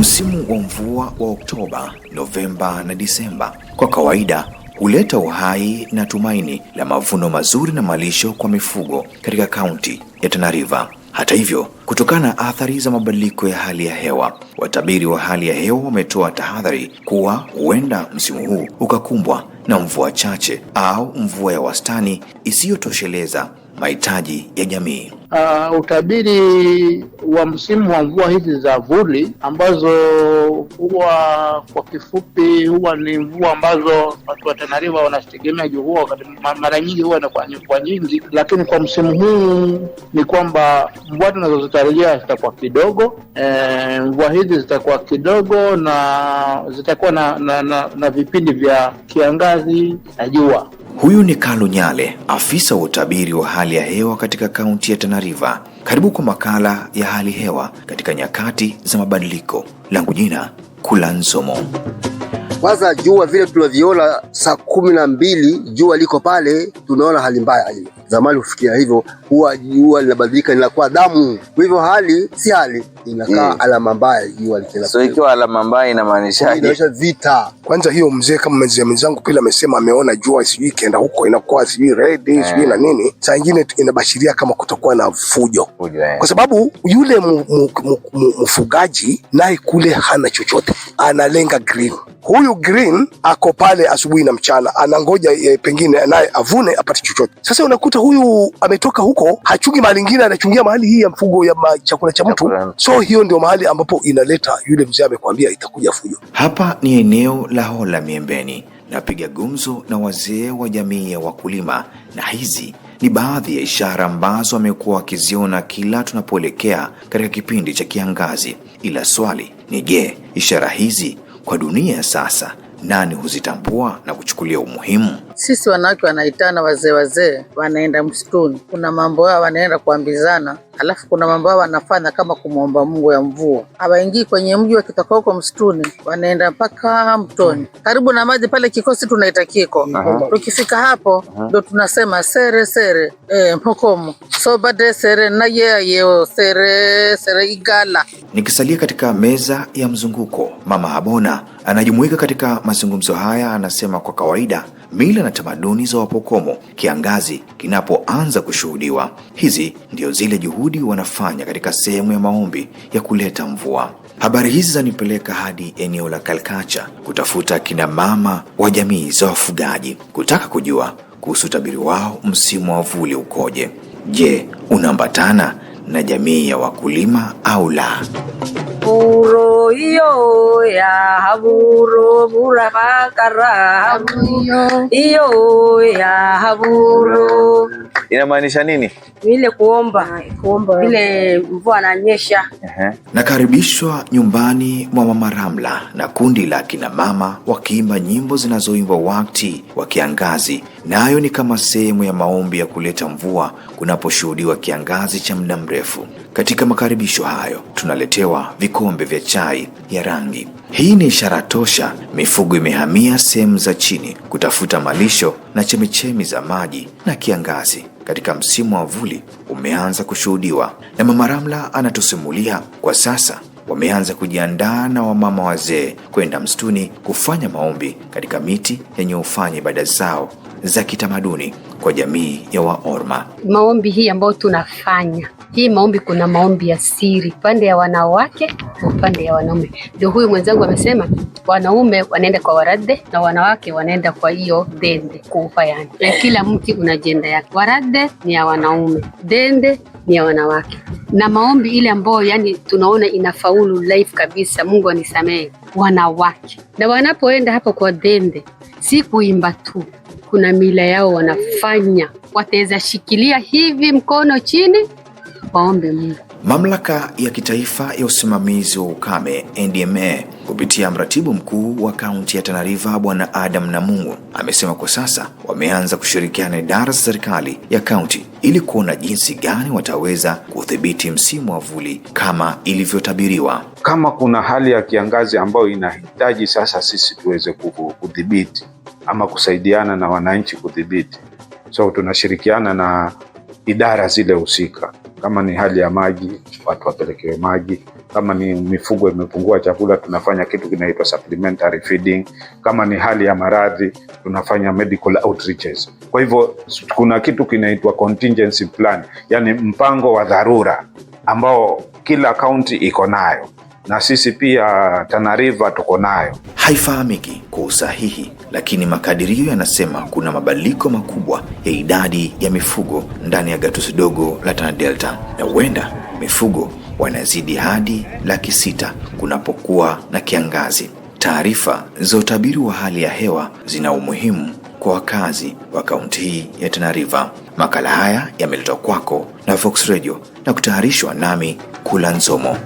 Msimu wa mvua wa Oktoba, Novemba na Disemba kwa kawaida huleta uhai na tumaini la mavuno mazuri na malisho kwa mifugo katika kaunti ya Tana River. Hata hivyo, kutokana na athari za mabadiliko ya hali ya hewa, watabiri wa hali ya hewa wametoa tahadhari kuwa huenda msimu huu ukakumbwa na mvua chache au mvua ya wastani isiyotosheleza mahitaji ya jamii. Uh, utabiri wa msimu wa mvua hizi za vuli ambazo huwa kwa kifupi huwa ni mvua ambazo watu wa Tana River juu huwa wakati mara nyingi huwa kwa nyingi, lakini kwa msimu huu ni kwamba mvua tunazozitarajia zitakuwa kidogo. E, mvua hizi zitakuwa kidogo na zitakuwa na, na, na, na vipindi vya kiangazi na jua Huyu ni Kalu Nyale, afisa wa utabiri wa hali ya hewa katika kaunti ya Tana River. Karibu kwa makala ya hali hewa katika nyakati za mabadiliko. Langu jina Kula Kwanza jua vile tunavyoona saa kumi na mbili jua liko pale, tunaona hali mbaya hiyo. Zamani ufikia hivyo, huwa jua linabadilika linakuwa damu. Kwa hivyo hali si hali, inakaa yeah. Mm. alama mbaya jua likila. So ikiwa alama mbaya inamaanisha inaonyesha vita. Kwanza hiyo mzee kama mzee mwenzangu pili amesema ameona jua sijui ikienda huko inakuwa sijui red yeah. sijui na nini, saa nyingine inabashiria kama kutokuwa na fujo, fujo yeah. kwa sababu yule mfugaji naye kule hana chochote, analenga green Huyu Green ako pale asubuhi na mchana, anangoja eh, pengine naye avune apate chochote. Sasa unakuta huyu ametoka huko, hachungi mahali ingine, anachungia mahali hii ya mfugo ya chakula cha mtu. So hiyo ndio mahali ambapo inaleta yule mzee amekwambia itakuja fujo. Hapa ni eneo la Hola Miembeni, napiga gumzo na wazee wa jamii ya wakulima, na hizi ni baadhi ya ishara ambazo amekuwa wakiziona kila tunapoelekea katika kipindi cha kiangazi. Ila swali ni je, ishara hizi kwa dunia sasa, nani huzitambua na kuchukulia umuhimu? Sisi wanawake wanaitana, wazee wazee wanaenda msituni, kuna mambo yao wanaenda kuambizana, alafu kuna mambo yao wanafanya kama kumwomba Mungu ya mvua. Hawaingii kwenye mji, wakitoka huko msituni wanaenda mpaka mtoni karibu na maji pale. Kikosi tunaita kiko, tukifika hapo ndo tunasema sere sere e, eh, so sobade sere nayeyeo sere sere igala. Nikisalia katika meza ya mzunguko, mama Habona anajumuika katika mazungumzo haya, anasema kwa kawaida mila na tamaduni za Wapokomo kiangazi kinapoanza kushuhudiwa. Hizi ndio zile juhudi wanafanya katika sehemu ya maombi ya kuleta mvua. Habari hizi zanipeleka hadi eneo la Kalkacha kutafuta kina mama wa jamii za wafugaji, kutaka kujua kuhusu utabiri wao msimu wa vuli ukoje. Je, unaambatana na jamii ya wakulima au la? iyo ya haburo buraka kara iyo ya haburo inamaanisha nini? Ile kuomba ah, kuomba ile mvua ananyesha. Nakaribishwa nyumbani mwa Mama Ramla na kundi la kina mama wakiimba nyimbo zinazoimbwa wakati wa kiangazi, nayo na ni kama sehemu ya maombi ya kuleta mvua kunaposhuhudiwa kiangazi cha muda mrefu. Katika makaribisho hayo tunaletewa vikombe vya chai ya rangi hii ni ishara tosha, mifugo imehamia sehemu za chini kutafuta malisho na chemichemi za maji, na kiangazi katika msimu wa vuli umeanza kushuhudiwa. Na Mama Ramla anatusimulia kwa sasa wameanza kujiandaa na wamama wazee kwenda msituni kufanya maombi katika miti yenye ufanye ibada zao za kitamaduni kwa jamii ya Waorma. Maombi hii ambayo tunafanya hii maombi, kuna maombi ya siri upande ya wanawake, upande ya wanaume. Ndio huyu mwenzangu amesema wanaume wanaenda kwa Warade na wanawake wanaenda kwa hiyo dende kufa, yani na kila mti una jenda yake. Warade ni ya wanaume, dende ni ya wanawake, na maombi ile ambayo yani tunaona inafaulu life kabisa, Mungu anisamehe, wanawake. Na wanapoenda hapo kwa dende si kuimba tu kuna mila yao wanafanya, wataweza shikilia hivi mkono chini, waombe Mungu. Mamlaka ya kitaifa ya usimamizi wa ukame NDMA kupitia mratibu mkuu wa kaunti ya Tana River Bwana Adam Namungu amesema kwa sasa wameanza kushirikiana na idara za serikali ya kaunti ili kuona jinsi gani wataweza kudhibiti msimu wa vuli kama ilivyotabiriwa. Kama kuna hali ya kiangazi ambayo inahitaji sasa sisi tuweze kudhibiti ama kusaidiana na wananchi kudhibiti. So tunashirikiana na idara zile husika, kama ni hali ya maji, watu wapelekewe maji. Kama ni mifugo imepungua chakula, tunafanya kitu kinaitwa supplementary feeding. Kama ni hali ya maradhi, tunafanya medical outreaches. Kwa hivyo kuna kitu kinaitwa contingency plan, yani mpango wa dharura ambao kila kaunti iko nayo na sisi pia Tana River tuko nayo. Haifahamiki kwa usahihi, lakini makadirio yanasema kuna mabadiliko makubwa ya idadi ya mifugo ndani ya gatuzi dogo la Tana Delta, na huenda mifugo wanazidi hadi laki sita kunapokuwa na kiangazi. Taarifa za utabiri wa hali ya hewa zina umuhimu kwa wakazi wa kaunti hii ya Tana River. Makala haya yameletwa kwako na Fox Radio na kutayarishwa nami Kula Nzomo.